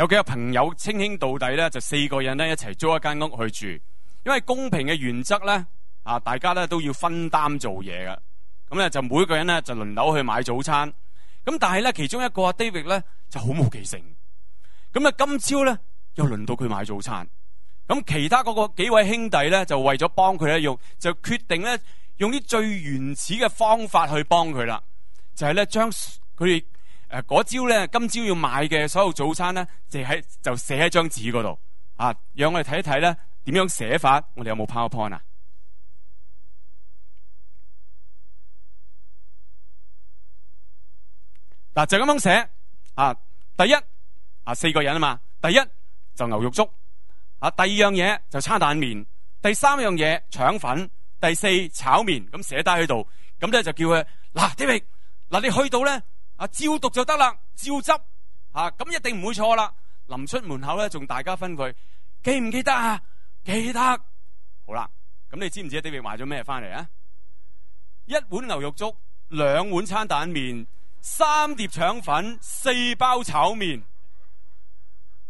有幾個朋友稱兄道弟咧，就四個人咧一齊租一間屋去住，因為公平嘅原則咧啊，大家咧都要分擔做嘢噶，咁咧就每一個人咧就輪流去買早餐，咁但係咧其中一個阿 David 咧就好冇記性，咁啊今朝咧又輪到佢買早餐，咁其他嗰個幾位兄弟咧就為咗幫佢咧用就決定咧用啲最原始嘅方法去幫佢啦，就係咧將佢哋。誒嗰朝咧，今朝要買嘅所有早餐咧，就喺就寫喺張紙嗰度啊！讓我哋睇一睇咧點樣寫法，我哋有冇 PowerPoint 啊？嗱，就咁樣寫啊！第一啊，四個人啊嘛，第一就牛肉粥啊，第二樣嘢就餐蛋麵，第三樣嘢腸粉，第四炒麵，咁寫低喺度，咁咧就叫佢嗱，David，嗱你去到咧。啊，照讀就得啦，照執吓，咁、啊、一定唔會錯啦。臨出門口咧，仲大家分佢，記唔記得啊？記得，好啦。咁你知唔知爹哋買咗咩翻嚟啊？一碗牛肉粥，兩碗餐蛋麵，三碟腸粉，四包炒麵。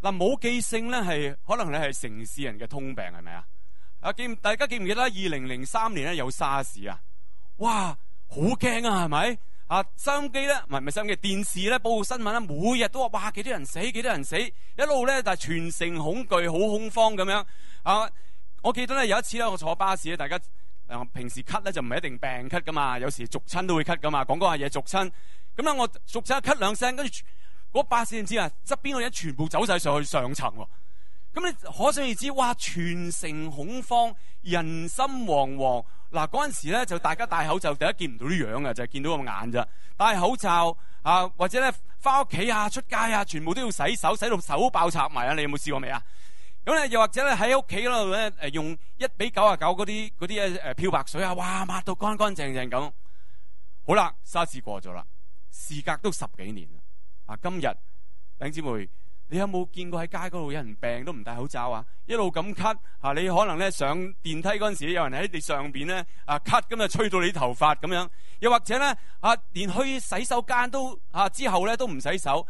嗱、啊，冇記性咧，係可能你係城市人嘅通病係咪啊？啊，記大家記唔記得二零零三年咧有沙士啊？哇，好驚啊，係咪？啊，收音機咧，唔係唔係收音機，電視咧，報告新聞咧，每日都話，哇，幾多人死，幾多人死，一路咧，就係全城恐懼，好恐慌咁樣。啊，我記得咧有一次咧，我坐巴士咧，大家，呃、平時咳咧就唔係一定病咳噶嘛，有時俗親都會咳噶嘛，講講下嘢俗親。咁咧我俗親咳兩聲，跟住嗰巴士唔知啊，側邊嗰啲全部走晒上去上層喎、哦。咁你可想而知，哇，全城恐慌，人心惶惶。嗱，嗰陣時咧，就大家戴口罩，第一見唔到啲樣啊，就係見到個眼啫。戴口罩啊，或者咧返屋企啊、出街啊，全部都要洗手，洗到手爆拆埋啊！你有冇試過未啊？咁咧又或者咧喺屋企嗰度咧，用一比九十九嗰啲嗰啲漂白水啊，哇，抹到乾乾淨淨咁。好啦，沙士過咗啦，事隔都十幾年啦。啊，今日靚姊妹。你有冇見過喺街嗰度有人病都唔戴口罩啊？一路咁咳嚇，你可能咧上電梯嗰陣時，有人喺你上邊咧啊咳咁啊吹到你頭髮咁樣，又或者咧嚇、啊、連去洗手間都嚇、啊、之後咧都唔洗手，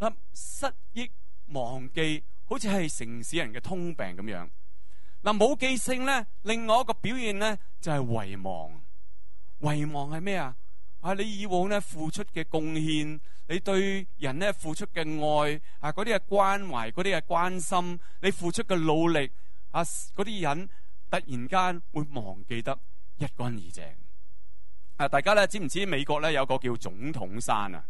失、啊、失憶忘記，好似係城市人嘅通病咁樣。嗱、啊、冇記性咧，另外一個表現咧就係、是、遺忘，遺忘係咩啊？啊！你以往呢付出嘅貢獻，你對人呢付出嘅愛，啊嗰啲嘅關懷，嗰啲嘅關心，你付出嘅努力，啊嗰啲人突然間會忘記得一乾二淨。啊！大家呢知唔知美國呢有個叫總統山啊？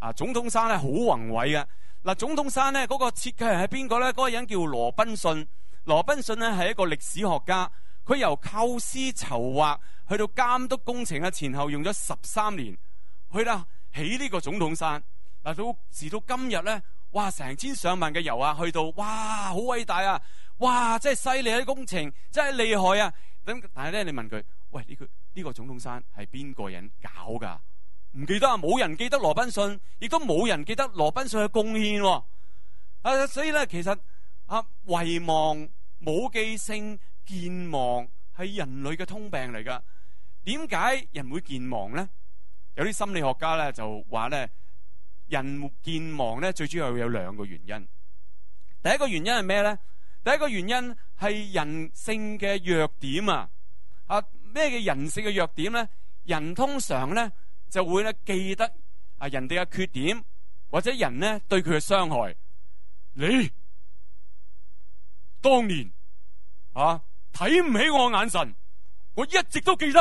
啊！總統山咧好宏偉嘅。嗱、啊，總統山呢、嗰個設計人係邊個咧？嗰、嗰個人叫羅賓遜。羅賓遜咧係一個歷史學家，佢由構思籌劃。去到監督工程嘅前後用咗十三年，去啦起呢個總統山嗱，到時到今日咧，哇成千上萬嘅遊啊，去到哇好偉大啊，哇真係犀利嘅工程，真係厲害啊！咁但係咧，你問佢喂，呢個呢個總統山係邊個人搞噶？唔記得啊，冇人記得羅賓遜，亦都冇人記得羅賓遜嘅貢獻。啊，所以咧其實啊遺忘、冇記性、健忘係人類嘅通病嚟噶。點解人會健忘咧？有啲心理學家咧就話咧，人健忘咧最主要有兩個原因。第一個原因係咩咧？第一個原因係人性嘅弱點啊！啊咩叫人性嘅弱點咧？人通常咧就會咧記得啊人哋嘅缺點或者人咧對佢嘅傷害。你當年啊睇唔起我眼神，我一直都記得。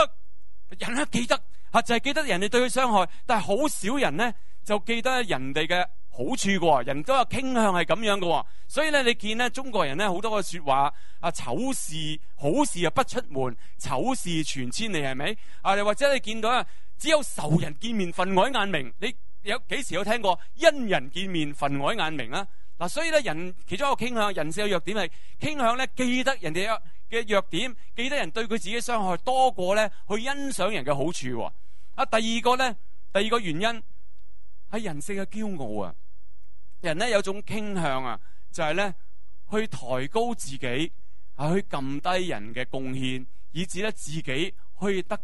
人咧記得嚇就係、是、記得人哋對佢傷害，但係好少人咧就記得人哋嘅好處嘅喎。人都有傾向係咁樣嘅喎，所以咧你見咧中國人咧好多嘅説話，啊醜事好事又不出門，醜事傳千里係咪？啊又或者你見到啊，只有仇人見面分外眼明，你有幾時有聽過恩人見面分外眼明啊？嗱，所以咧人其中一個傾向，人性嘅弱點係傾向咧記得人哋嘅弱點，記得人對佢自己嘅傷害多過咧去欣賞人嘅好處啊？啊，第二個咧，第二個原因係、哎、人性嘅驕傲啊！人咧有種傾向啊，就係、是、咧去抬高自己，啊、去撳低人嘅貢獻，以至咧自己可以得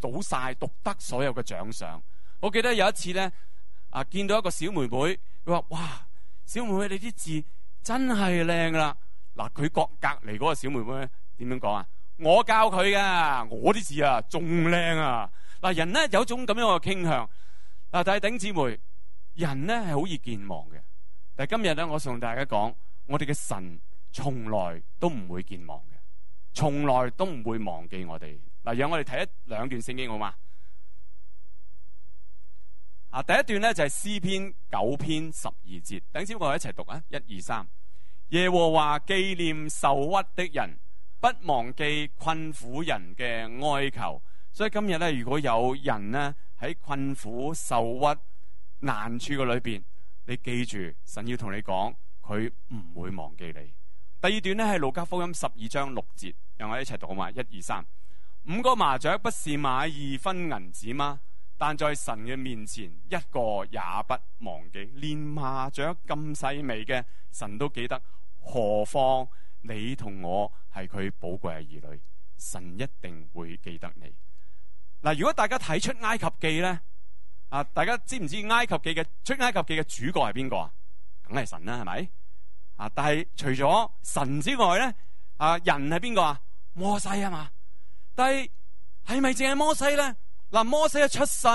到晒、獨得所有嘅獎賞。我記得有一次咧，啊見到一個小妹妹，佢話：哇，小妹妹你啲字真係靚㗎啦！嗱，佢隔隔籬嗰個小妹妹點樣講啊？我教佢㗎！我啲字啊仲靚啊！嗱，人咧有種咁樣嘅傾向。嗱，但係頂姊妹，人咧係好易健忘嘅。但係今日咧，我同大家講，我哋嘅神從來都唔會健忘嘅，從來都唔會忘記我哋。嗱，讓我哋睇一兩段聖經好嗎？啊，第一段咧就係詩篇九篇十二節，頂姊妹，我哋一齊讀啊，一二三。耶和華紀念受屈的人，不忘記困苦人嘅哀求。所以今日咧，如果有人呢喺困苦、受屈、難處嘅裏邊，你記住，神要同你講，佢唔會忘記你。第二段呢係路加福音十二章六節，讓我一齊讀啊嘛，一二三，五個麻雀不是買二分銀子嗎？但在神嘅面前，一個也不忘記，連麻雀咁細微嘅，神都記得，何況你同我係佢寶貴嘅兒女，神一定會記得你。嗱，啊，如果大家睇出埃及記咧，啊，大家知唔知埃及記嘅出埃及記嘅主角係邊個啊？梗係神啦，啊，係咪？啊，但係除咗神之外咧，啊，人係邊個啊？摩西啊嘛，但係係咪淨係摩西咧？嗱，啊，摩西一出世，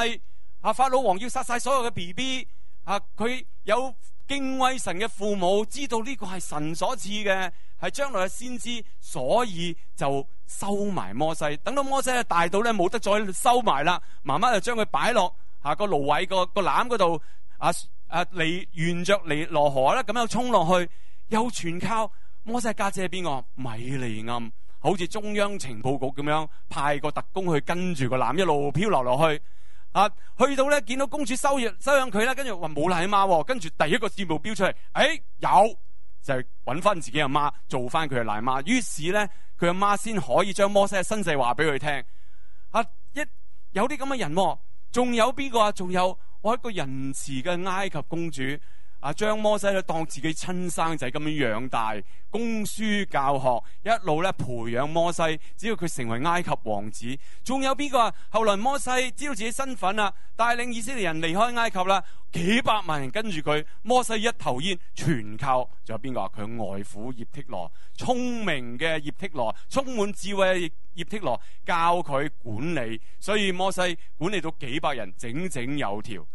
啊，法老王要殺晒所有嘅 BB，啊，佢。有敬畏神嘅父母，知道呢個係神所賜嘅，係將來先知，所以就收埋摩西。等到摩西大到咧冇得再收埋啦，媽媽就將佢擺落啊個蘆葦個個籃嗰度啊，啊嚟，沿着尼羅河啦，咁樣沖落去。又全靠摩西家姐係邊個？米利暗好似中央情報局咁樣派個特工去跟住個籃一路漂流落去。啊！去到咧，見到公主收養收養佢啦，跟住話冇奶媽，跟住第一個箭步標出嚟。誒、哎、有就係揾翻自己阿媽，做翻佢嘅奶媽。於是咧，佢阿媽先可以將摩西嘅身世話俾佢聽。啊！一有啲咁嘅人，哦，仲有邊個啊？仲有我係一個仁慈嘅埃及公主。啊！將摩西咧當自己親生仔咁樣養大，供書教學，一路咧培養摩西，只要佢成為埃及王子。仲有邊個啊？後來摩西知道自己身份啦，帶領以色列人離開埃及啦，幾百萬人跟住佢。摩西一頭煙，全靠仲有邊個？佢外父葉剔羅，聰明嘅葉剔羅，充滿智慧嘅葉剔羅教佢管理，所以摩西管理到幾百人，整整有條。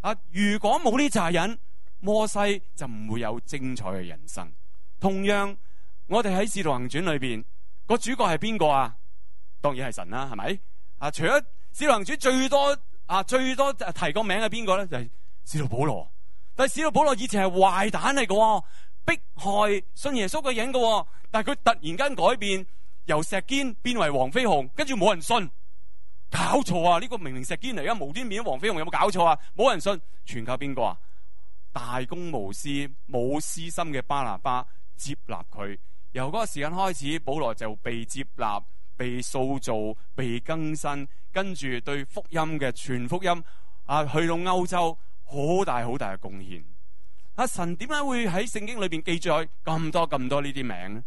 啊！如果冇呢啲人。摩西就唔會有精彩嘅人生。同樣，我哋喺《使徒行傳》裏邊，個主角係邊個啊？當然係神啦，啊，係咪？啊，除咗《使徒行傳》最多啊，最多提個名係邊個咧，就係、是、使徒保羅。但係使徒保羅以前係壞蛋嚟嘅，啊，迫害信耶穌嘅人嘅。但係佢突然間改變，由石堅變為黃飛鴻，跟住冇人信。搞錯啊！呢、這個明明石堅嚟，而家無端端變黃飛鴻，有冇搞錯啊？冇人信，全靠邊個啊？大公無私、冇私心嘅巴拿巴接納佢。由嗰個時間開始，保羅就被接納、被塑造、被更新，跟住對福音嘅全福音啊，去到歐洲好大好大嘅貢獻。阿、啊、神點解會喺聖經裏邊記載咁多咁多呢啲名咧？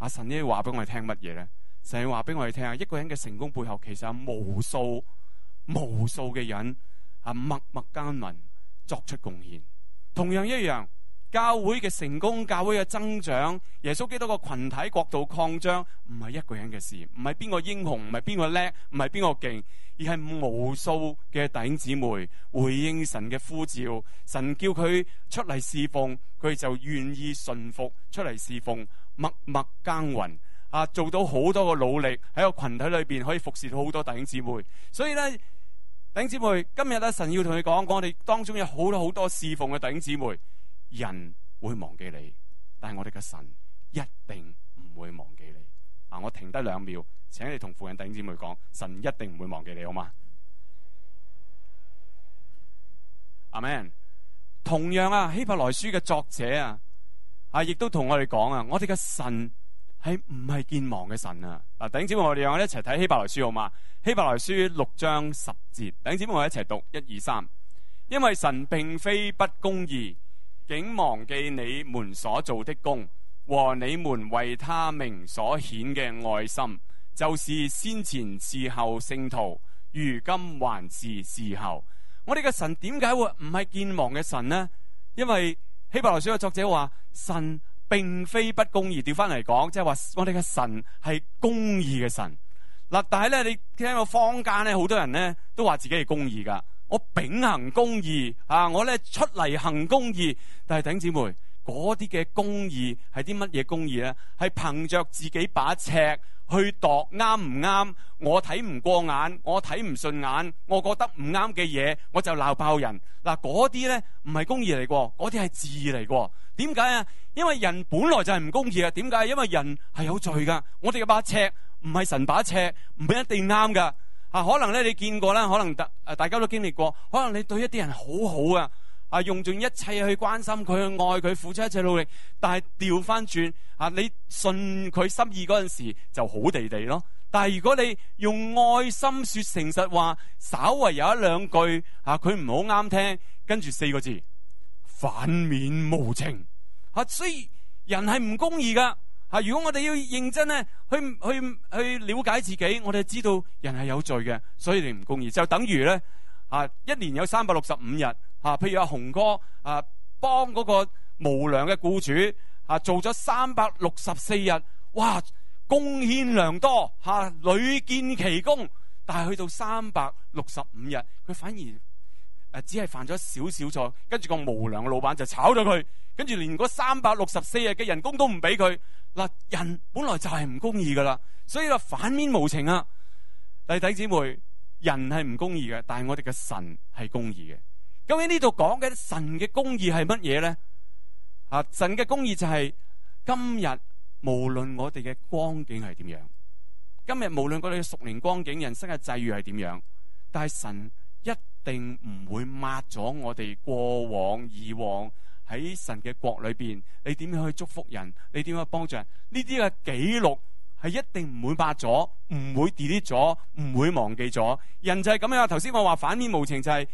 阿神呢要話俾我哋聽乜嘢咧？成日話俾我哋聽啊，一個人嘅成功背後，其實有無數無數嘅人啊默默耕耘，作出貢獻。同樣一樣，教會嘅成功、教會嘅增長、耶穌基督個群體國度擴張，唔係一個人嘅事，唔係邊個英雄，唔係邊個叻，唔係邊個勁，而係無數嘅弟兄姊妹回應神嘅呼召，神叫佢出嚟侍奉，佢就願意順服出嚟侍奉，默默耕耘啊，做到好多嘅努力喺個群體裏邊可以服侍到好多弟兄姊妹，所以呢。弟兄姊妹，今日啊，神要同你講講，我哋當中有好多好多侍奉嘅弟兄姊妹，人會忘記你，但係我哋嘅神一定唔會忘記你。嗱、啊，我停低兩秒，請你同附近弟兄姊妹講，神一定唔會忘記你，好嗎？阿們，同樣啊，希伯來書嘅作者啊，啊，亦都同我哋講啊，我哋嘅神。係唔係健忘嘅神啊？嗱，弟兄姊妹，我哋讓我一齊睇希伯來書好嗎？希伯來書六章十節，弟兄姊妹，我們一齊讀一二三。因為神並非不公義，竟忘記你們所做的工，和你們為他名所顯嘅愛心，就是先前侍候聖徒，如今還是侍候。我哋嘅神點解會唔係健忘嘅神呢？因為希伯來書嘅作者話神。並非不公義，調翻嚟講，即係話我哋嘅神係公義嘅神嗱，但係咧你聽到坊間咧，好多人咧都話自己係公義噶，我秉行公義啊，我咧出嚟行公義，但係弟兄姊妹。嗰啲嘅公義係啲乜嘢公義呢？係憑着自己把尺去度啱唔啱？我睇唔過眼，我睇唔順眼，我覺得唔啱嘅嘢，我就鬧爆人嗱。嗰啲呢，唔係公義嚟嘅，嗰啲係字嚟嘅。點解啊？因為人本來就係唔公義呀。點解？因為人係有罪㗎。我哋嘅把尺唔係神把尺，唔係一定啱㗎。可能呢，你見過啦，可能大大家都經歷過，可能你對一啲人好好啊。啊！用盡一切去關心佢，去愛佢，付出一切努力。但係調翻轉啊！你信佢心意嗰陣時就好地地咯。但係如果你用愛心說誠實話，稍微有一兩句啊，佢唔好啱聽，跟住四個字反面無情啊！所以人係唔公義噶啊！如果我哋要認真咧，去去去了解自己，我哋知道人係有罪嘅，所以你唔公義就等於咧啊！一年有三百六十五日。啊，譬如阿洪哥啊，幫嗰個無良嘅僱主啊，做咗三百六十四日，哇，貢獻良多吓，屢、啊、見其功。但係去到三百六十五日，佢反而誒、啊，只係犯咗少少錯，跟住個無良嘅老闆就炒咗佢，跟住連嗰三百六十四日嘅人工都唔俾佢嗱。人本來就係唔公義噶啦，所以就反面無情啊。弟弟姊妹，人係唔公義嘅，但係我哋嘅神係公義嘅。究竟呢度講緊神嘅公義係乜嘢？咧？啊，神嘅公義就係今日無論我哋嘅光景係點樣，今日無論我哋嘅熟年光景、人生嘅際遇係點樣，但係神一定唔會抹咗我哋過往以往喺神嘅國裏邊，你點樣去祝福人，你點樣去幫助人，呢啲嘅記錄係一定唔會抹咗，唔會 delete 咗，唔會忘記咗。人就係咁樣，頭先我話反面無情就係。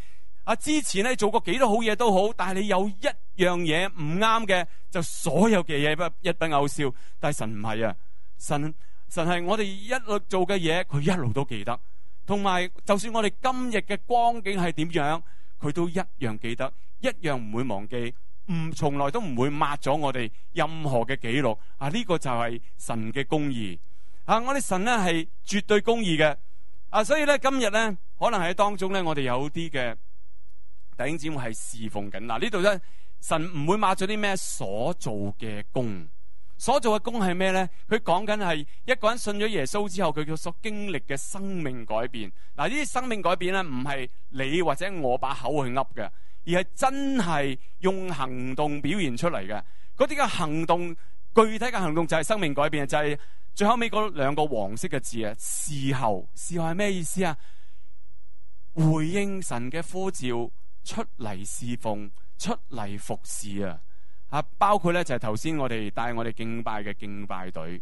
啊！之前咧做過幾多好嘢都好，但係你有一樣嘢唔啱嘅，就所有嘅嘢一筆勾銷。但係神唔係啊，神神係我哋一路做嘅嘢，佢一路都記得。同埋，就算我哋今日嘅光景係點樣，佢都一樣記得，一樣唔會忘記。唔從來都唔會抹咗我哋任何嘅記錄。啊，呢個就係神嘅公義啊！我哋神咧係絕對公義嘅啊，所以咧今日咧可能喺當中咧，我哋有啲嘅。弟兄姊妹係侍奉緊嗱，呢度咧神唔會忘咗啲咩，所做嘅工。所做嘅工係咩咧？佢講緊係一個人信咗耶穌之後佢叫所經歷嘅生命改變。嗱，呢啲生命改變咧唔係你或者我把口去噏嘅，而係真係用行動表現出嚟嘅。嗰啲嘅行動，具體嘅行動就係生命改變就係、是、最後尾嗰兩個黃色嘅字啊，侍候，侍候係咩意思啊？回應神嘅呼召。出嚟侍奉、出嚟服侍啊！啊，包括咧就係頭先我哋帶我哋敬拜嘅敬拜隊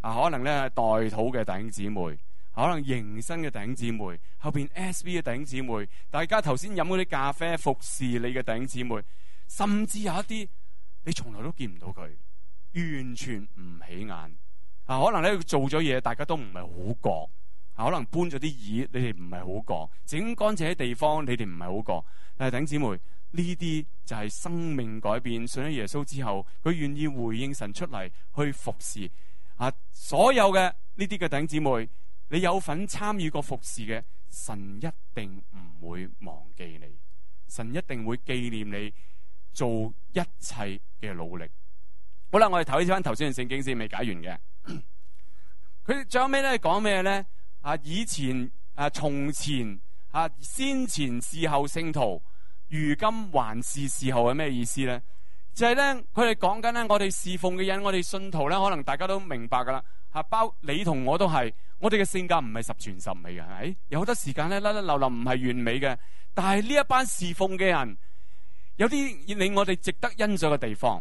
啊，可能咧代土嘅弟兄姊妹，啊、可能迎新嘅弟兄姊妹，後邊 S.V 嘅弟兄姊妹，大家頭先飲嗰啲咖啡服侍你嘅弟兄姊妹，甚至有一啲你從來都見唔到佢，完全唔起眼啊。可能咧做咗嘢，大家都唔係好覺啊。可能搬咗啲椅，你哋唔係好覺，整乾淨啲地方，你哋唔係好覺。係弟兄姊妹，呢啲就係生命改變，信咗耶穌之後，佢願意回應神出嚟去服侍。啊！所有嘅呢啲嘅弟兄姊妹，你有份參與過服侍嘅，神一定唔會忘記你，神一定會紀念你做一切嘅努力。好啦，我哋睇翻，頭先段聖經先，未解完嘅。佢 最後尾咧講咩咧？啊，以前啊，從前啊，先前事後聖徒。如今還是伺候係咩意思咧？就係、是、咧，佢哋講緊咧，我哋侍奉嘅人，我哋信徒咧，可能大家都明白噶啦，嚇包括你同我都係，我哋嘅性格唔係十全十美嘅、哎，有好多時間咧，甩甩漏漏唔係完美嘅。但係呢一班侍奉嘅人，有啲令我哋值得欣賞嘅地方，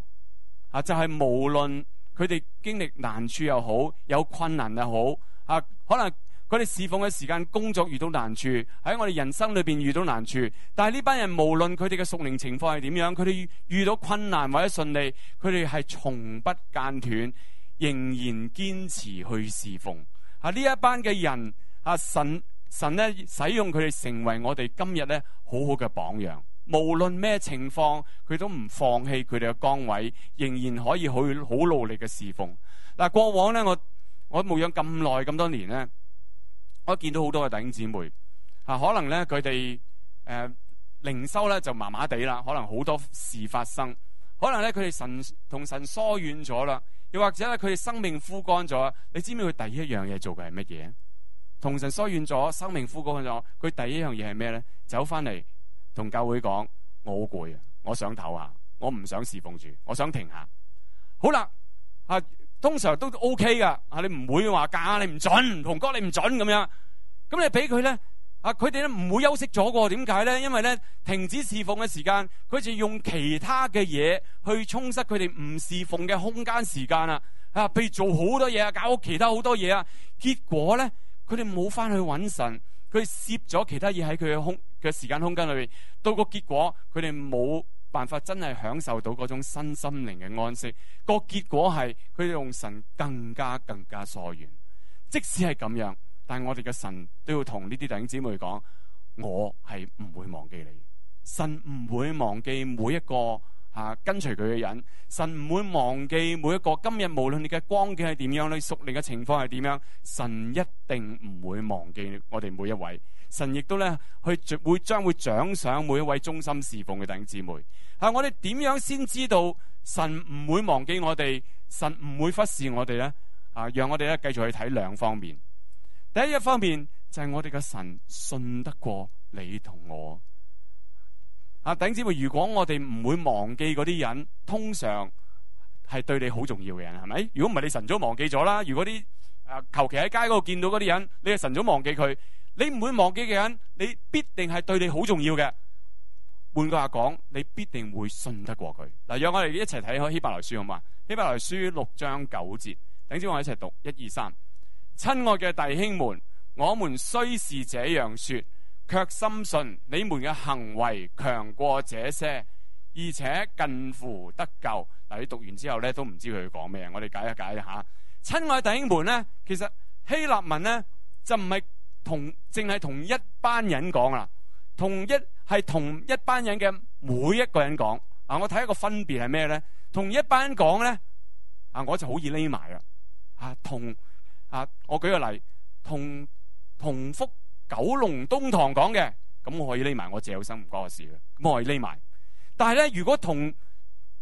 嚇、啊、就係、是、無論佢哋經歷難處又好，有困難又好，嚇、啊、可能。佢哋侍奉嘅時間，工作遇到難處，喺我哋人生裏邊遇到難處。但係呢班人無論佢哋嘅屬靈情況係點樣，佢哋遇到困難或者順利，佢哋係從不間斷，仍然堅持去侍奉。啊，呢一班嘅人啊，神神咧使用佢哋成為我哋今日咧好好嘅榜樣。無論咩情況，佢都唔放棄佢哋嘅崗位，仍然可以去好努力嘅侍奉。嗱，啊，過往咧，我我牧養咁耐咁多年咧。我見到好多嘅弟兄姊妹，啊，可能咧佢哋誒靈修咧就麻麻地啦，可能好多事發生，可能咧佢哋神同神疏遠咗啦，又或者咧佢哋生命枯乾咗。你知唔知佢第一樣嘢做嘅係乜嘢？同神疏遠咗，生命枯乾咗，佢第一樣嘢係咩咧？走翻嚟同教會講，我好攰啊，我想唞下，我唔想侍奉住，我想停下。好啦，啊。通常都 O K 噶，啊你唔會話隔你唔准，同哥你唔准咁樣，咁你俾佢咧，啊佢哋咧唔會休息咗個，點解咧？因為咧停止侍奉嘅時間，佢就用其他嘅嘢去充塞佢哋唔侍奉嘅空間時間啦，啊譬如做好多嘢啊，搞其他好多嘢啊，結果咧佢哋冇翻去搵神，佢攝咗其他嘢喺佢嘅空嘅時間空間裏邊，到個結果佢哋冇辦法真係享受到嗰種新心靈嘅安息，個結果係佢哋用神更加更加疏遠。即使係咁樣，但係我哋嘅神都要同呢啲弟兄姊妹講，我係唔會忘記你，神唔會忘記每一個。啊！跟隨佢嘅人，神唔會忘記每一個。今日，無論你嘅光景係點樣，你屬靈嘅情況係點樣，神一定唔會忘記我哋每一位。神亦都咧去會將會獎賞每一位忠心侍奉嘅弟兄姊妹。啊！我哋點樣先知道神唔會忘記我哋，神唔會忽視我哋呢？啊！讓我哋咧繼續去睇兩方面。第一一方面就係、是，我哋嘅神信得過你同我。啊！頂子會，如果我哋唔會忘記嗰啲人，通常係對你好重要嘅人，係咪？如果唔係，你晨早忘記咗啦。如果啲誒求其喺街嗰度見到嗰啲人，你係晨早忘記佢。你唔會忘記嘅人，你必定係對你好重要嘅。換句話講，你必定會信得過佢。嗱、啊，讓我哋一齊睇開希伯來書好嘛？希伯來書六章九節，頂子我一齊讀一二三。親愛嘅弟兄們，我們雖是這樣說。卻深信你們嘅行為強過這些，而且近乎得救。嗱，你讀完之後咧都唔知佢講咩，我哋解，解一解啦吓。親愛的弟兄們呢，其實希臘文呢，就唔係同，淨係同一班人講噶，同一係同一班人嘅每一個人講。嗱、啊，我睇一個分別係咩咧？同一班人講咧，啊，我就好易匿埋啦。啊，同啊，我舉個例，同同福。九龍東堂講嘅，咁我可以匿埋我謝有生唔關我事嘅，我可以匿埋。但係咧，如果同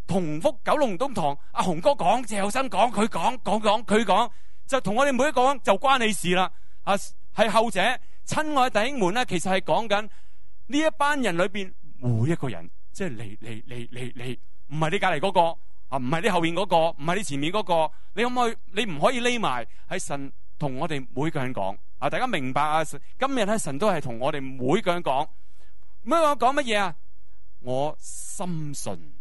同福九龍東堂阿洪哥講，謝有生講，佢講講講佢講，就同我哋每一個人就關你事啦。啊，係後者親愛的弟兄們咧、啊，其實係講緊呢一班人裏邊每一個人，即係你你你你你，唔係你隔籬嗰個，啊唔係你後面嗰、那個，唔係你前面嗰、那個，你可唔可以？你唔可以匿埋喺神同我哋每個人講。啊！大家明白啊？今日咧、啊，神都係同我哋每個人講咩講？講乜嘢啊？我深信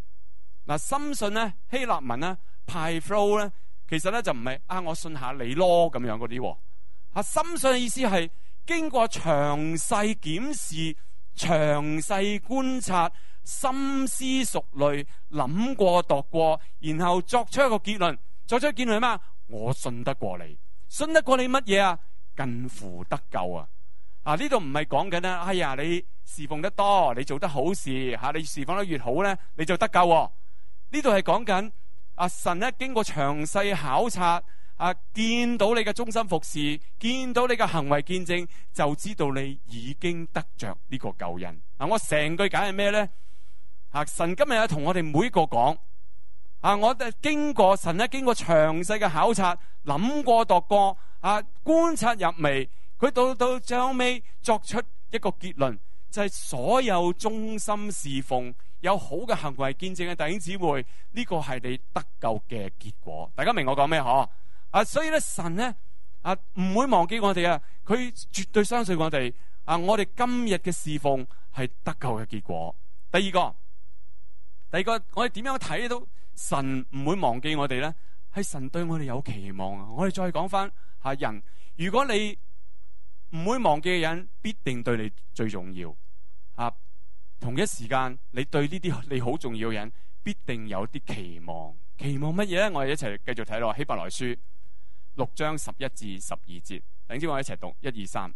嗱、啊，深信咧，希臘文咧，派 flow 咧，其實咧就唔係啊。我信下你咯，咁樣嗰啲吓。深信嘅意思係經過詳細檢視、詳細觀察、深思熟慮、諗過度過，然後作出一個結論。作出一個結論係咩？我信得過你，信得過你乜嘢啊？近乎得救啊！啊，呢度唔係講緊啦，哎呀你侍奉得多，你做得好事吓、啊，你侍奉得越好咧，你就得救、啊。啊、呢度係講緊啊神咧經過詳細考察啊，見到你嘅忠心服侍，見到你嘅行為見證，就知道你已經得着呢個救恩。嗱，我成句解係咩咧？啊神今日啊同我哋每個講啊，我哋、啊啊啊、經過神咧經過詳細嘅考察，諗過度過。啊！觀察入微，佢到到最後尾作出一個結論，就係、是、所有忠心侍奉、有好嘅行為見證嘅弟兄姊妹，呢、這個係你得救嘅結果。大家明我講咩嗬？啊，所以咧，神咧啊，唔會忘記我哋啊！佢絕對相信我哋啊！我哋今日嘅侍奉係得救嘅結果。第二個，第二個，我哋點樣睇到神唔會忘記我哋咧？係神對我哋有期望啊！我哋再講翻。啊！人如果你唔會忘記嘅人，必定對你最重要。啊，同一時間，你對呢啲你好重要嘅人，必定有啲期望。期望乜嘢呢？我哋一齊繼續睇落希伯來書六章十一至十二節。等先，我一齊讀一二三。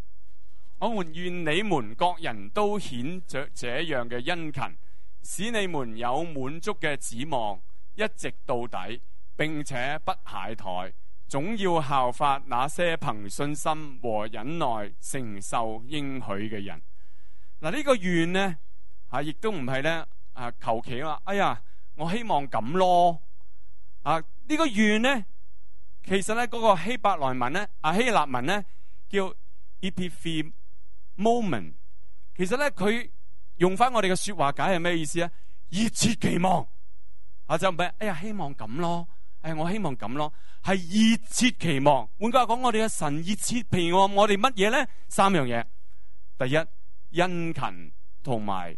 我們, 1, 2, 我們願你們各人都顯着這樣嘅殷勤，使你們有滿足嘅指望，一直到底，並且不懈怠。總要效法那些憑信心和忍耐承受應許嘅人。嗱、啊，呢、這個願呢，啊，亦都唔係咧，啊，求其啊，哎呀，我希望咁咯。啊，呢、這個願呢，其實咧嗰、那個希伯來文咧，阿、啊、希臘文咧叫 epipheme moment。其實咧佢用翻我哋嘅說話解係咩意思啊？熱切期望啊，就唔係，哎呀，希望咁咯。誒，我希望咁咯，係熱切期望。換句話講，我哋嘅神熱切期望我哋乜嘢咧？三樣嘢，第一，殷勤同埋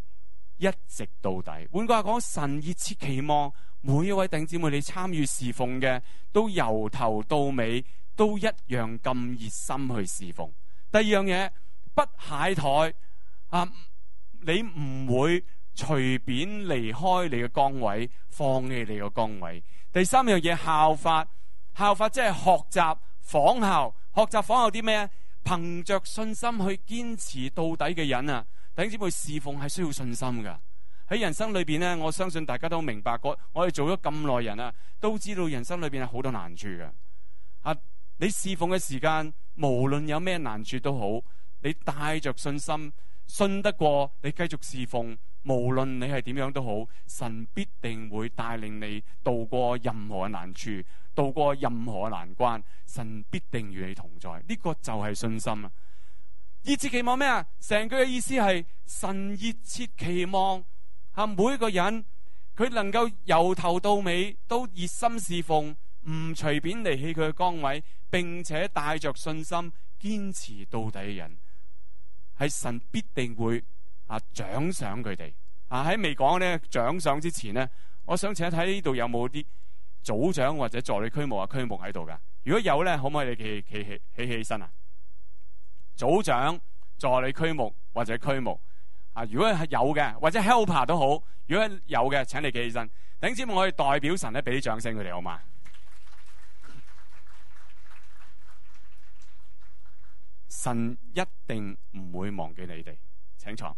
一直到底。換句話講，神熱切期望每一位弟姐妹，你參與侍奉嘅，都由頭到尾都一樣咁熱心去侍奉。第二樣嘢，不懈怠啊，你唔會隨便離開你嘅崗位，放棄你嘅崗位。第三樣嘢，效法，效法即係學習仿效。學習仿效啲咩啊？憑着信心去堅持到底嘅人啊，頂尖會侍奉係需要信心噶。喺人生裏邊咧，我相信大家都明白過，我我哋做咗咁耐人啊，都知道人生裏邊係好多難處㗎。啊，你侍奉嘅時間，無論有咩難處都好，你帶着信心，信得過，你繼續侍奉。無論你係點樣都好，神必定會帶領你度過任何難處，度過任何難關。神必定與你同在，呢個就係信心啊！熱切期望咩啊？成句嘅意思係神熱切期望啊，每一個人佢能夠由頭到尾都熱心侍奉，唔隨便離棄佢嘅崗位，並且帶着信心堅持到底嘅人，係神必定會。啊！獎賞佢哋啊！喺未講呢獎賞之前呢，我想請睇呢度有冇啲組長或者助理區牧啊、區牧喺度噶？如果有咧，可唔可以你企起起起身啊？組長、助理區牧或者區牧，啊？如果係有嘅，或者 helper 都好，如果有嘅，請你企起身。頂尖，我哋代表神咧，俾啲掌聲佢哋好嗎？神一定唔會忘記你哋，請坐。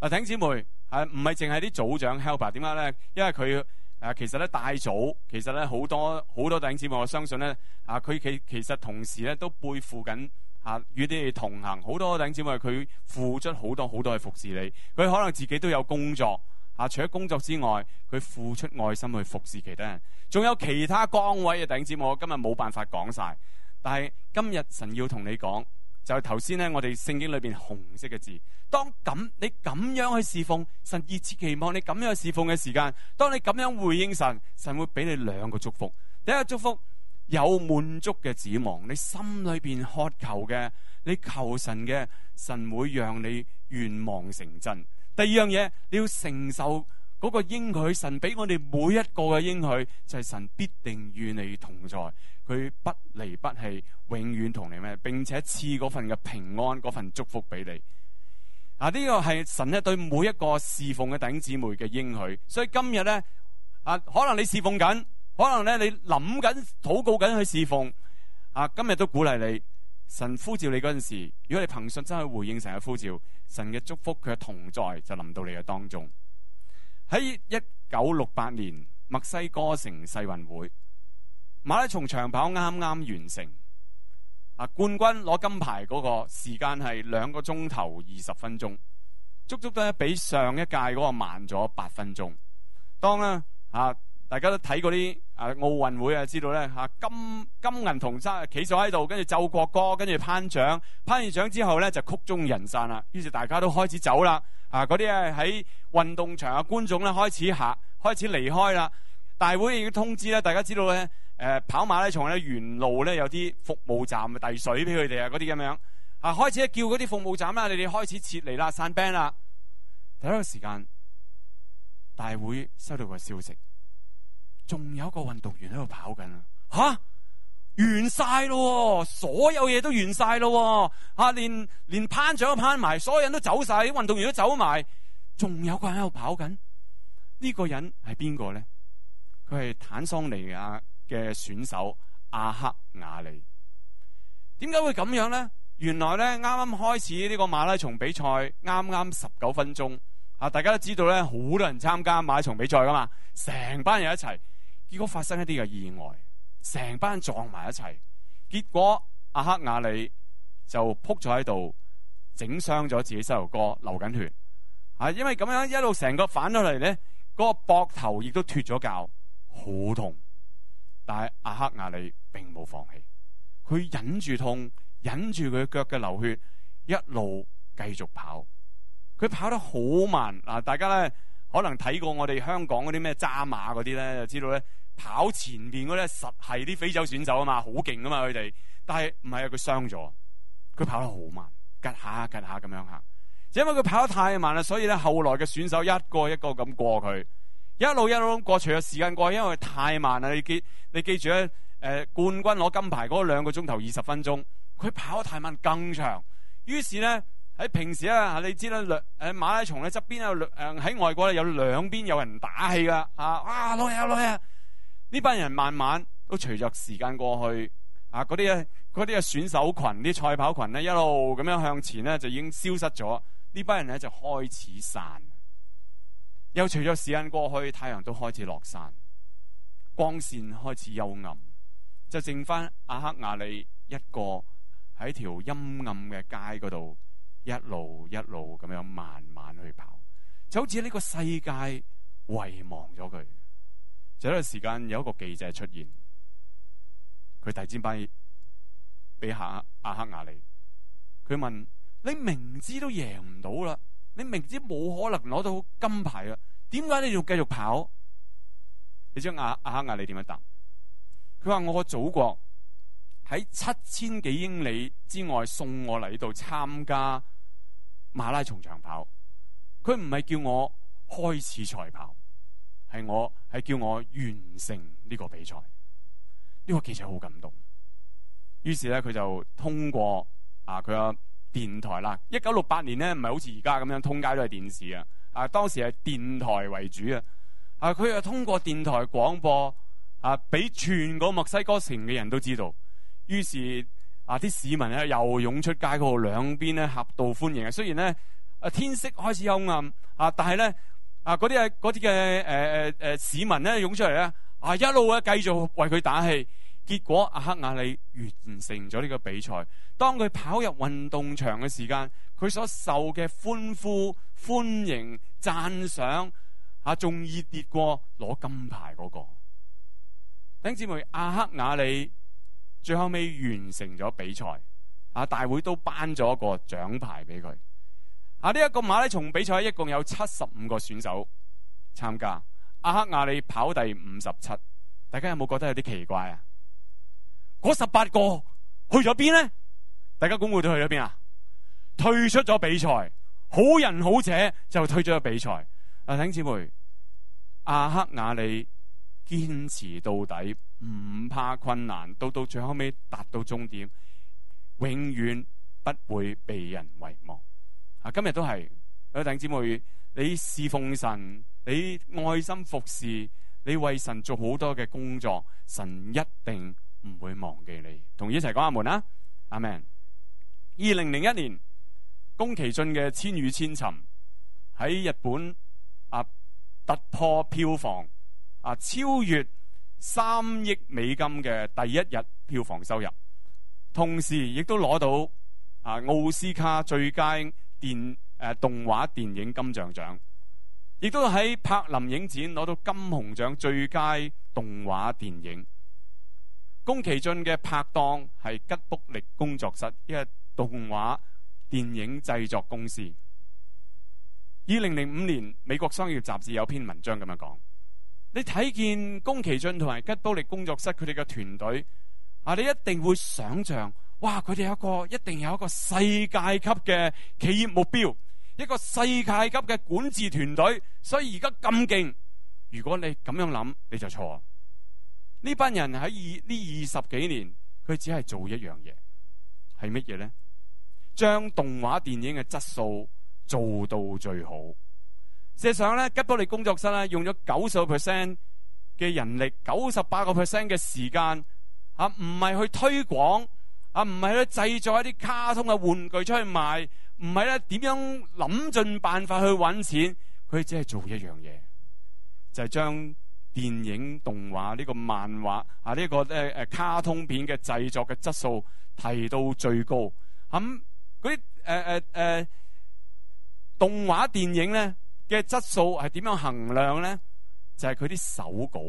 嗱、啊，頂姐妹係唔係淨係啲組長 helper？點解咧？因為佢誒其實咧大組，其實咧好多好多頂姐妹，我相信咧嚇佢其其實同時咧都背負緊嚇、啊、與你哋同行。好多頂姐妹佢付出好多好多去服侍你，佢可能自己都有工作嚇、啊，除咗工作之外，佢付出愛心去服侍其他人。仲有其他崗位嘅、啊、頂姐妹，我今日冇辦法講晒，但係今日神要同你講。就頭先呢，我哋聖經裏邊紅色嘅字，當咁你咁樣去侍奉神，熱切期望你咁樣去侍奉嘅時間，當你咁樣回應神，神會俾你兩個祝福。第一個祝福，有滿足嘅指望，你心裏邊渴求嘅，你求神嘅，神會讓你願望成真。第二樣嘢，你要承受嗰個應許，神俾我哋每一個嘅應許，就係神必定與你同在。佢不離不棄，永遠同你咩，並且賜嗰份嘅平安，嗰份祝福俾你。啊，呢、這個係神係對每一個侍奉嘅弟兄姊妹嘅應許。所以今日呢，啊，可能你侍奉緊，可能咧你諗緊禱告緊去侍奉，啊，今日都鼓勵你。神呼召你嗰陣時，如果你憑信真係去回應神嘅呼召，神嘅祝福佢嘅同在就臨到你嘅當中。喺一九六八年墨西哥城世運會。馬拉松長跑啱啱完成啊！冠軍攞金牌嗰個時間係兩個鐘頭二十分鐘，足足都比上一屆嗰個慢咗八分鐘。當啦、啊、大家都睇嗰啲啊奧運會啊，知道咧吓金金銀銅沙企咗喺度，跟住奏國歌，跟住頒獎，頒完獎之後咧就曲終人散啦。於是大家都開始走啦啊！嗰啲啊喺運動場嘅觀眾咧開始行開始離開啦。大會已經通知咧，大家知道咧。誒、呃，跑馬拉松咧，沿路咧有啲服務站遞水俾佢哋啊，嗰啲咁樣啊。開始叫嗰啲服務站啦，你哋開始撤離啦，散 band 啦。第一個時間，大會收到個消息，仲有個運動員喺度跑緊啊吓，完晒咯，所有嘢都完晒咯啊，連連頒獎都頒埋，所有人都走晒，啲運動員都走埋，仲有個人喺度跑緊呢、這個人係邊個咧？佢係坦桑尼亞嘅選手阿克瓦利點解會咁樣呢？原來呢，啱啱開始呢個馬拉松比賽，啱啱十九分鐘啊！大家都知道呢，好多人參加馬拉松比賽噶嘛，成班人一齊，結果發生一啲嘅意外，成班人撞埋一齊。結果阿克瓦利就仆咗喺度，整傷咗自己膝頭哥，流緊血啊！因為咁樣一路成個反咗嚟呢，個膊頭亦都脫咗臼，好痛。但係阿克亞里並冇放棄，佢忍住痛，忍住佢腳嘅流血，一路繼續跑。佢跑得好慢，嗱，大家咧可能睇過我哋香港嗰啲咩渣馬嗰啲咧，就知道咧跑前邊嗰啲實係啲非洲選手啊嘛，好勁㗎嘛佢哋。但係唔係啊，佢傷咗，佢跑得好慢，吉下吉下咁樣行。因為佢跑得太慢啦，所以咧後來嘅選手一個一個咁過佢。一路一路咁過，隨着時間過去，去因為太慢啦。你記你記住咧，誒、呃、冠軍攞金牌嗰兩個鐘頭二十分鐘，佢跑得太慢更長。於是咧喺平時咧，你知啦，誒馬拉松咧側邊啊，誒喺外國咧有兩邊有人打氣噶，啊啊攞呀攞呀！呢班人慢慢都隨着時間過去，啊嗰啲啊嗰啲啊選手群啲賽跑群咧一路咁樣向前咧就已經消失咗。呢班人咧就開始散。又除咗時間過去，太陽都開始落山，光線開始幽暗，就剩翻阿克瓦利一個喺條陰暗嘅街嗰度，一路一路咁樣慢慢去跑，就好似呢個世界遺忘咗佢。就呢個時間，有一個記者出現，佢遞支筆俾下阿克瓦利，佢問：你明知都贏唔到啦，你明知冇可能攞到金牌啊？點解你要繼續跑？你將亞亞克亞利你點樣答？佢話，我個祖國喺七千幾英里之外送我嚟呢度參加馬拉松長跑。佢唔係叫我開始賽跑，係我係叫我完成呢個比賽。呢個記者好感動。於是咧，佢就通過啊佢個電台啦。一九六八年咧，唔係好似而家咁樣通街都係電視啊。啊！當時係電台為主嘅、啊，啊佢又通過電台廣播，啊俾全個墨西哥城嘅人都知道。於是啊啲市民咧又湧出街嗰度，兩邊咧夾道歡迎。雖然咧啊天色開始幽暗，啊但係咧啊嗰啲啊啲嘅誒誒誒市民咧湧出嚟咧啊一路啊繼續為佢打氣。結果阿克瓦里完成咗呢個比賽。當佢跑入運動場嘅時間，佢所受嘅歡呼、歡迎、讚賞吓，仲熱烈過攞金牌嗰個。頂姊妹，阿克瓦里最後尾完成咗比賽，啊，大會都頒咗一個獎牌俾佢。啊，呢一個馬拉松比賽一共有七十五個選手參加，阿克瓦里跑第五十七，大家有冇覺得有啲奇怪啊？嗰十八個去咗邊呢？大家估會都去咗邊啊？退出咗比賽，好人好者就退出咗比賽。弟兄姊妹，阿克雅里堅持到底，唔怕困難，到到最後尾達到終點，永遠不會被人遺忘。啊，今日都係啊，弟兄姊妹，你侍奉神，你愛心服侍，你為神做好多嘅工作，神一定。唔會忘記你，同你一齊講阿門啦。啊，阿 m a n。二零零一年，宮崎駿嘅《千與千尋》喺日本啊突破票房啊超越三億美金嘅第一日票房收入，同時亦都攞到啊奧斯卡最佳電誒、啊、動畫電影金像獎，亦都喺柏林影展攞到金熊獎最佳動畫電影。宮崎駿嘅拍檔係吉卜力工作室，一個動畫電影製作公司。二零零五年，美國商業雜誌有篇文章咁樣講：你睇見宮崎駿同埋吉卜力工作室佢哋嘅團隊啊，你一定會想象，哇！佢哋有一個一定有一個世界級嘅企業目標，一個世界級嘅管治團隊，所以而家咁勁。如果你咁樣諗，你就錯。呢班人喺二，呢二十幾年，佢只係做一樣嘢，係乜嘢咧？將動畫電影嘅質素做到最好。事實上咧，吉卜力工作室咧，用咗九十個 percent 嘅人力，九十八個 percent 嘅時間，吓，唔係去推廣，吓，唔係去製作一啲卡通嘅玩具出去賣，唔係咧，點樣諗盡辦法去搵錢，佢只係做一樣嘢，就係將。電影動畫呢、這個漫畫啊，呢、這個誒誒、啊、卡通片嘅製作嘅質素提到最高咁嗰啲誒誒誒動畫電影咧嘅質素係點樣衡量咧？就係佢啲手稿，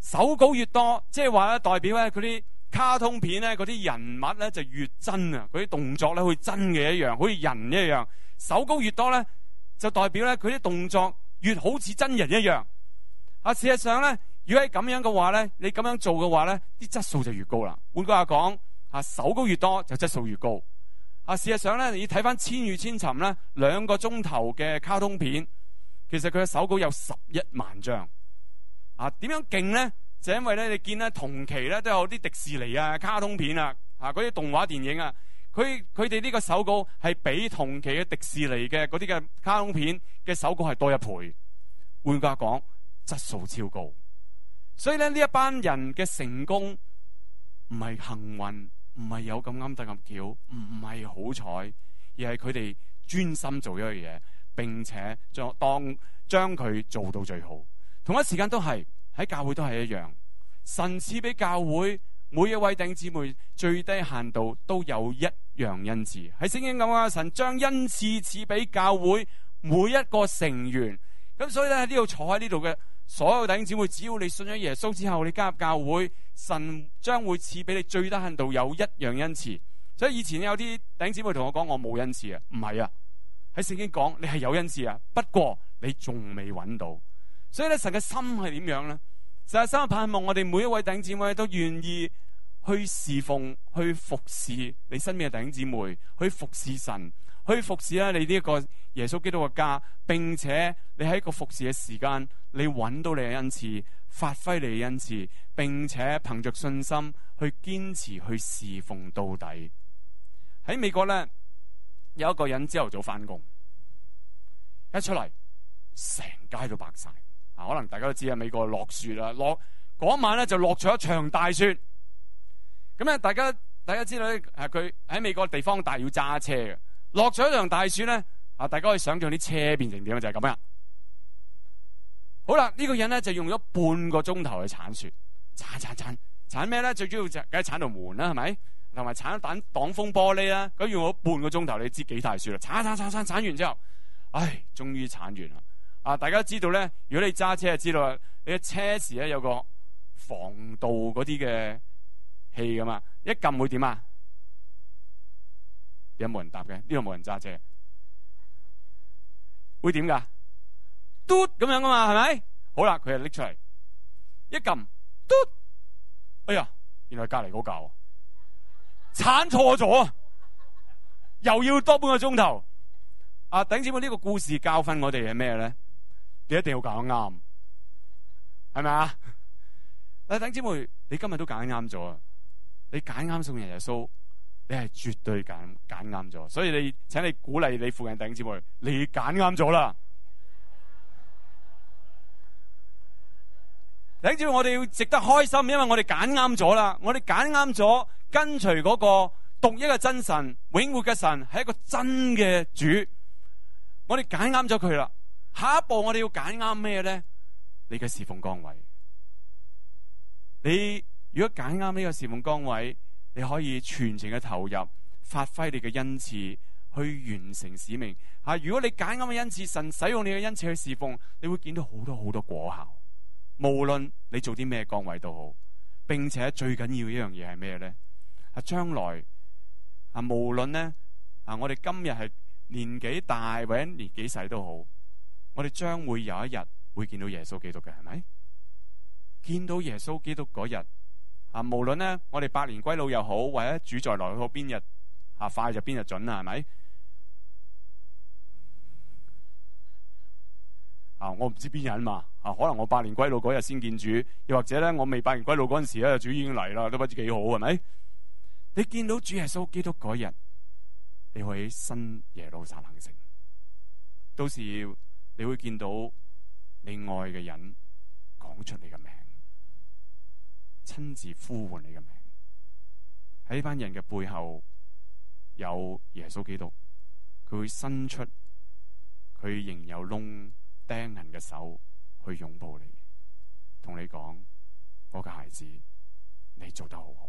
手稿越多，即係話咧代表咧佢啲卡通片咧嗰啲人物咧就越真啊。佢啲動作咧好似真嘅一樣，好似人一樣。手稿越多咧，就代表咧佢啲動作越好似真人一樣。啊！事實上咧，如果係咁樣嘅話咧，你咁樣做嘅話咧，啲質素就越高啦。換句話講，啊手稿越多就質素越高。啊，事實上咧，你睇翻《千與千尋》咧兩個鐘頭嘅卡通片，其實佢嘅手稿有十一萬張。啊，點樣勁咧？就因為咧，你見咧同期咧都有啲迪士尼啊卡通片啊，啊嗰啲動畫電影啊，佢佢哋呢個手稿係比同期嘅迪士尼嘅嗰啲嘅卡通片嘅手稿係多一倍。換句話講，質素超高，所以咧呢一班人嘅成功唔係幸運，唔係有咁啱得咁巧，唔係好彩，而係佢哋專心做一樣嘢，並且將當將佢做到最好。同一時間都係喺教會都係一樣，神賜俾教會每一位弟兄姊妹最低限度都有一樣恩賜。喺聖經咁樣，神將恩賜賜俾教會每一個成員。咁所以咧喺呢度坐喺呢度嘅，所有弟兄姊妹，只要你信咗耶穌之後，你加入教會，神將會賜俾你最低限度有一樣恩賜。所以以前有啲弟兄姊妹同我講，我冇恩賜啊，唔係啊，喺聖經講你係有恩賜啊，不過你仲未揾到。所以咧，神嘅心係點樣咧？神嘅心盼望我哋每一位弟兄姊妹都願意去侍奉、去服侍你身邊嘅弟兄姊妹，去服侍神。去服侍你呢一個耶穌基督嘅家，並且你喺個服侍嘅時間，你揾到你嘅恩賜，發揮你嘅恩賜，並且憑着信心去堅持去侍奉到底。喺美國咧，有一個人朝頭早翻工，一出嚟成街都白晒啊！可能大家都知啊，美國落雪啦，落嗰晚咧就落咗一場大雪。咁咧，大家大家知道咧，係佢喺美國地方大要揸車嘅。落咗一場大雪咧，啊！大家可以想象啲車變成點樣就係、是，咁樣好啦，呢、這個人咧就用咗半個鐘頭去鏟雪，鏟鏟鏟鏟咩咧？最主要就梗係鏟到門啦，係咪？同埋鏟一等擋風玻璃啦，啊。咁用咗半個鐘頭，你知幾大雪啦？鏟鏟鏟鏟鏟完之後，唉，終於鏟完啦！啊，大家知道咧，如果你揸車就知道啦，你嘅車匙咧有個防盜嗰啲嘅器噶嘛，一撳會點啊？有冇人答嘅？呢個冇人揸車，會點噶？嘟咁樣噶嘛？係咪？好啦，佢就拎出嚟，一撳，嘟，哎呀，原來隔籬嗰架啊，鏟錯咗啊，又要多半個鐘頭。阿頂姐妹呢個故事教訓我哋係咩咧？你一定要揀啱，係咪啊？阿頂姐妹，你今日都揀啱咗，你揀啱送人耶穌。你係絕對揀揀啱咗，所以你，請你鼓勵你附近弟兄姊妹，你揀啱咗啦！弟兄姊妹，我哋要值得開心，因為我哋揀啱咗啦，我哋揀啱咗跟隨嗰個獨一嘅真神、永活嘅神，係一個真嘅主，我哋揀啱咗佢啦。下一步我哋要揀啱咩咧？你嘅侍奉崗位，你如果揀啱呢個侍奉崗位。你可以全程嘅投入，發揮你嘅恩賜，去完成使命。啊，如果你揀啱嘅恩賜，神使用你嘅恩賜去侍奉，你會見到好多好多果效。無論你做啲咩崗位都好，並且最緊要的一樣嘢係咩咧？啊，將來啊，無論咧啊，我哋今日係年紀大或者年紀細都好，我哋將會有一日會見到耶穌基督嘅，係咪？見到耶穌基督嗰日。啊，無論呢，我哋百年歸老又好，或者主在來到邊日，啊快就邊日准啦，係咪？啊，我唔知邊人嘛，啊，可能我百年歸老嗰日先見主，又或者咧，我未百年歸老嗰陣時咧、啊，主已經嚟啦，都不知幾好，係咪？你見到主耶穌基督嗰日，你會喺新耶路撒冷城，到時你會見到你愛嘅人講出你嘅名。親自呼喚你嘅名，喺呢班人嘅背後有耶穌基督，佢會伸出佢仍有窿釘人嘅手去擁抱你，同你講，我嘅孩子，你做得好好，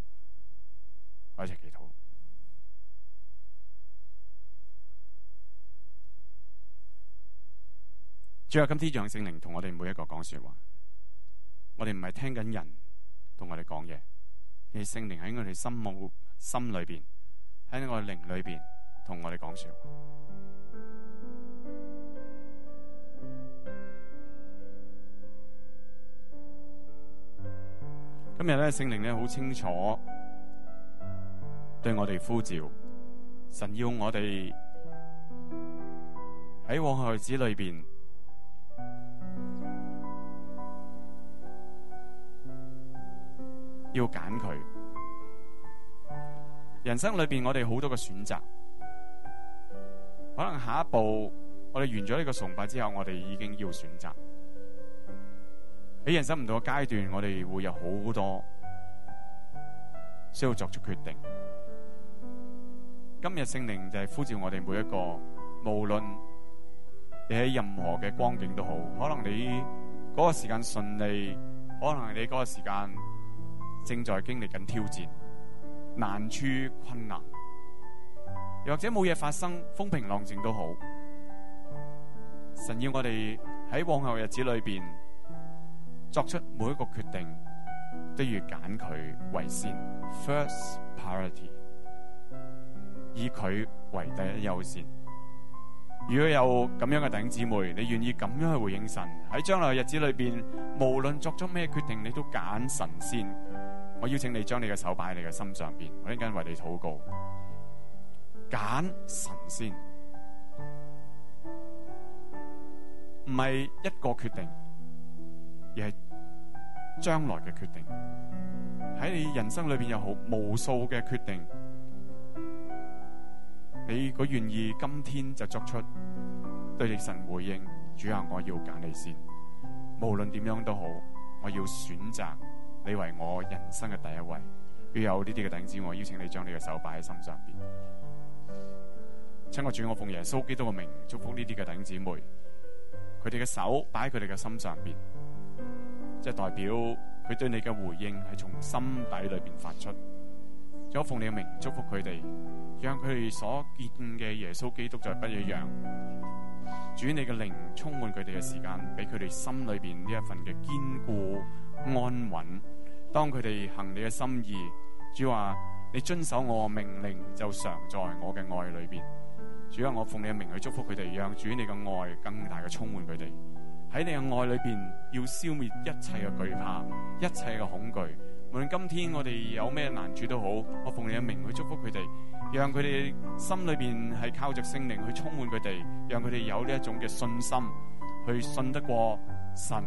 我一哋祈禱。最後，今天讓聖靈同我哋每一個講說話，我哋唔係聽緊人。同我哋講嘢，其實聖靈喺我哋心目、心裏邊，喺我哋靈裏邊，同我哋講笑。今日咧，聖靈咧好清楚，對我哋呼召，神要我哋喺往後子裏邊。要揀佢人生裏邊，我哋好多嘅選擇。可能下一步，我哋完咗呢個崇拜之後，我哋已經要選擇喺人生唔到嘅階段，我哋會有好多需要作出決定。今日聖靈就係呼召我哋每一個，無論你喺任何嘅光景都好，可能你嗰個時間順利，可能你嗰個時間。正在經歷緊挑戰難處困難，又或者冇嘢發生，風平浪靜都好。神要我哋喺往後日子裏邊作出每一個決定，都要揀佢為先 （First p a r t y 以佢為第一優先。如果有咁樣嘅弟姊妹，你願意咁樣去回應神喺將來嘅日子裏邊，無論作出咩決定，你都揀神仙。我邀請你將你嘅手擺喺你嘅心上邊，我一陣間為你禱告。揀神先唔係一個決定，而係將來嘅決定。喺你人生裏邊有好，無數嘅決定，你如果願意今天就作出對你神回應，主要我要揀你先，無論點樣都好，我要選擇。你為我人生嘅第一位，要有呢啲嘅弟兄姊妹。我邀請你將你嘅手擺喺心上邊，請我主，我奉耶穌基督嘅名祝福呢啲嘅弟兄姊妹，佢哋嘅手擺喺佢哋嘅心上邊，即係代表佢對你嘅回應係從心底裏邊發出。咁我奉你嘅名祝福佢哋，讓佢哋所見嘅耶穌基督就係不一樣。主你嘅靈充滿佢哋嘅時間，俾佢哋心裏邊呢一份嘅堅固安穩。當佢哋行你嘅心意，主話：你遵守我的命令就常在我嘅愛裏邊。主話我奉你嘅名去祝福佢哋，讓主你嘅愛更大嘅充滿佢哋。喺你嘅愛裏邊，要消滅一切嘅懼怕、一切嘅恐懼。無論今天我哋有咩難處都好，我奉你嘅名去祝福佢哋，讓佢哋心裏邊係靠着聖靈去充滿佢哋，讓佢哋有呢一種嘅信心去信得過神。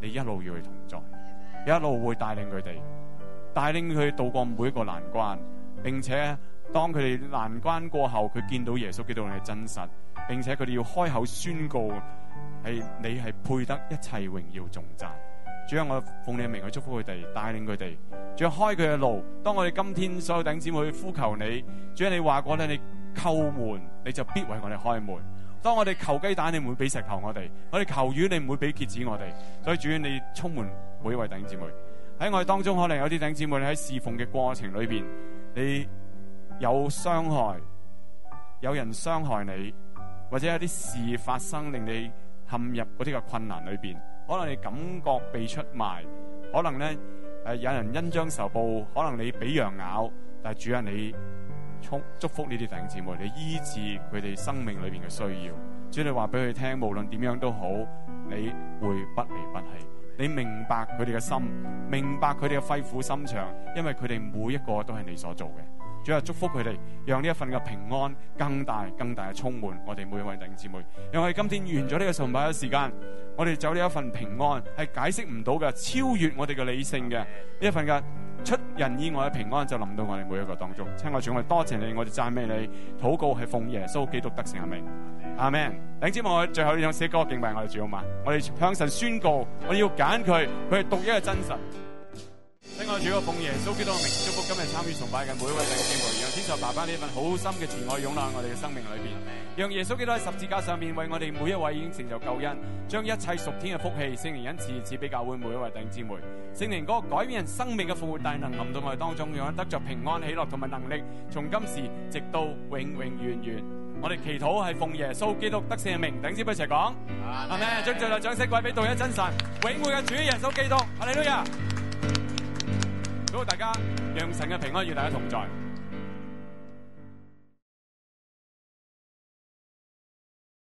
你一路要佢同在。一路會帶領佢哋，帶領佢度過每一個難關，並且當佢哋難關過後，佢見到耶穌見到你真實，並且佢哋要開口宣告，係你係配得一切榮耀重讚。主啊，我奉你嘅名去祝福佢哋，帶領佢哋，仲要開佢嘅路。當我哋今天所有弟兄姊妹去呼求你，主啊，你話過咧，你叩門，你就必為我哋開門。當我哋求雞蛋，你唔會俾石頭我哋；我哋求魚，你唔會俾蠍子我哋。所以，主啊，你充滿。每一位弟兄姊妹喺我哋當中，可能有啲弟兄姊妹，你喺侍奉嘅過程裏邊，你有傷害，有人傷害你，或者有啲事發生令你陷入嗰啲嘅困難裏邊，可能你感覺被出賣，可能咧誒、呃、有人恩將仇報，可能你俾羊咬，但係主啊，你充祝福呢啲弟兄姊妹，你醫治佢哋生命裏邊嘅需要，主你話俾佢聽，無論點樣都好，你會不離不棄。你明白佢哋嘅心，明白佢哋嘅肺腑心腸，因為佢哋每一個都係你所做嘅。主啊，祝福佢哋，讓呢一份嘅平安更大、更大嘅充滿我哋每一位弟兄姊妹。讓我哋今天完咗呢個崇拜嘅時間，我哋走呢一份平安係解釋唔到嘅，超越我哋嘅理性嘅呢一份嘅出人意外嘅平安就臨到我哋每一個當中。親愛的主，我哋多謝你，我哋讚美你，禱告係奉耶穌基督得勝有命，阿門。弟兄姊妹，我最後呢首詩歌敬拜我哋主好嘛，我哋向神宣告，我哋要揀佢，佢係獨一嘅真神。聽我主啊，奉耶穌基督嘅名祝福今日參與崇拜嘅每一位弟兄姊妹，讓天父爸爸呢一份好深嘅慈愛擁抱我哋嘅生命裏邊，讓耶穌基督喺十字架上面為我哋每一位已經成就救恩，將一切屬天嘅福氣、聖靈恩賜賜俾教會每一位弟兄姊妹，聖靈嗰個改變人生命嘅復活大能臨到我哋當中，讓我哋得着平安喜樂同埋能力，從今時直到永永遠遠。我哋祈禱係奉耶穌基督得勝嘅名，頂知不齊講係咪？將最後掌聲歸俾獨一真神、永活嘅主耶穌基督，哈利路亞！好，大家，讓神嘅平安與大家同在。